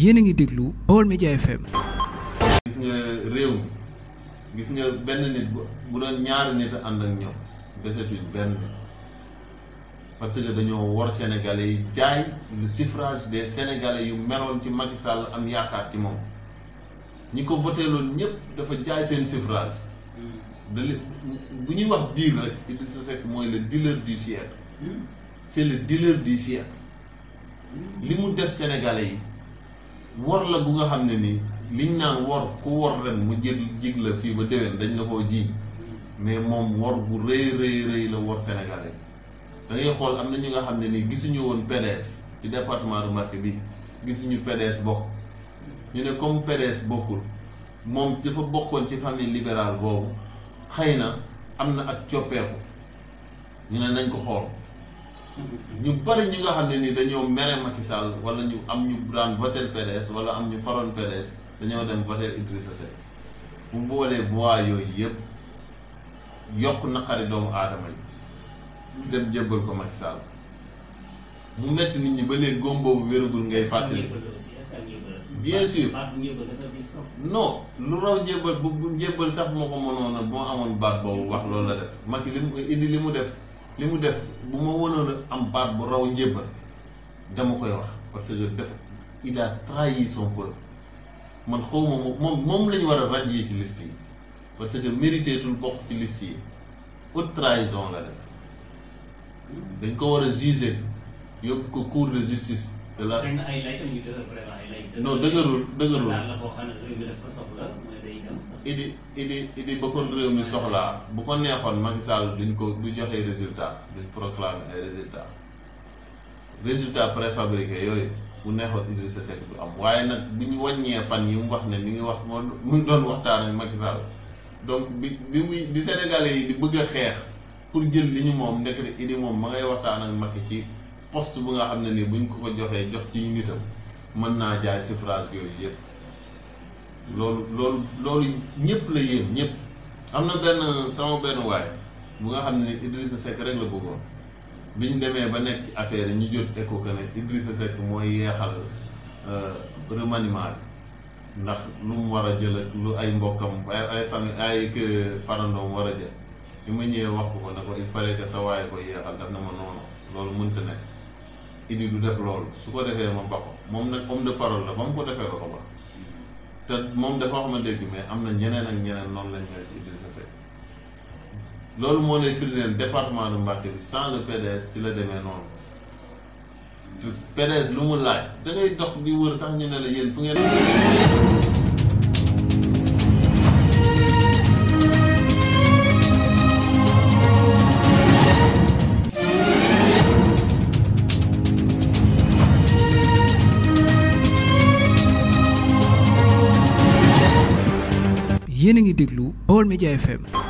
yéen a ngi déglu Baol Média FM. gis nga réew mi gis nga benn nit bu doon ñaari nit a ànd ak ñoom desetuñ benn parce que dañoo war Sénégalais yi jaay le suffrage des Sénégalais yu meroon ci Macky Sall am yaakaar ci moom ñi ko voté loon ñëpp dafa jaay seen suffrage. de bu ñuy wax deal rek Idrissa Seck mooy le dealer du siècle. c' est le dealer du li mu def Sénégalais yi. wor la bu nga xam ne ni liñ naan wor ku wor ren mu jël jig la fii ba déwén dañ la koo jiiñ mais moom wor bu rëy rëy rëy la wor sénégalais da ngay xool am na ñu nga xam ne ni gisuñu woon PDS ci département de Mbacké bi gisuñu PDS bokk ñu ne comme PDS bokkul moom dafa bokkoon ci famille libérale boobu xëy na am na ak coppeeku ñu ne nañ ko xool ñu bari ñu nga xam ne ni dañoo mere Macky Sall wala ñu am ñu daan voter PDS wala am ñu faroon peres dañoo dem voter Idrissa Seck bu boolee voix yooyu yëpp yokk naqari doomu aadama yi dem jébbal ko Macky mu metti nit ñi ba léegi góom boobu wéragul ngay fàttali bien sûr non lu raw jébbal bu jébbal sax moo ko mënoon a moo amoon baat boobu wax loolu la def Macky li indi li mu def li mu def bu ma wënoon am baat bu raw njébbal dama koy wax parce que def il a trahi son peuple man xawma moom moom lañu war a radier ci liste yi parce que mériteetul bokk ci liste yi haute trahison la def dañ ko war a juger yóbbu ko cour de justice de la ay lay tamit ñu dëgër vraiment ay lay. non dëgërul dëgërul daal la boo ba ko réew soxlaa bu ko neexoon Macky Sall duñ ko du joxee résultat duñ proclamer ay résultat résultat préfabriqué yooyu bu neexoon Idrissa Seck du am waaye nag bu ñu wàññee fan yi mu wax ne mi ngi wax moo mu ngi doon waxtaan ak Macky donc bi bi muy bi Sénégalais yi di bëgg a xeex pour jël li ñu moom ndekete idi moom ma ngay waxtaan ak Macky ci. post bu nga xam ne ni buñ ko ko joxee jox ci nitam mën naa jaay suffrage yooyu yëpp loolu loolu loolu ñëpp la yéen ñëpp am na benn sama benn waay bu nga xam ne Idrissa Seck rek la bëggoon biñ demee ba nekk ci affaire ñu jot écho que ne Idrissa Seck mooy yeexal euh, remaniement bi ndax lu mu war a jël ak lu ay mbokkam ay ay famille ay war a jël li ma ñëwee wax ko ko ne ko il paraît que sa waaye ko yeexal daf na ma noonu loolu mënta nekk idi du def loolu su ko defee ma bako moom nag homme de parole la ba mu ko defee la ko ba te moom dafa wax ma dégg mais am na ñeneen ak ñeneen noonu lañ mel ci Idrissa Seck loolu moo lay firndeel département de Mbacké bi sans le PDS ci la demee noonu PDS lu mu laaj da dox di wër sax ñu ne la yéen fu ngeen yéen a ngi déglu Baol Média FM.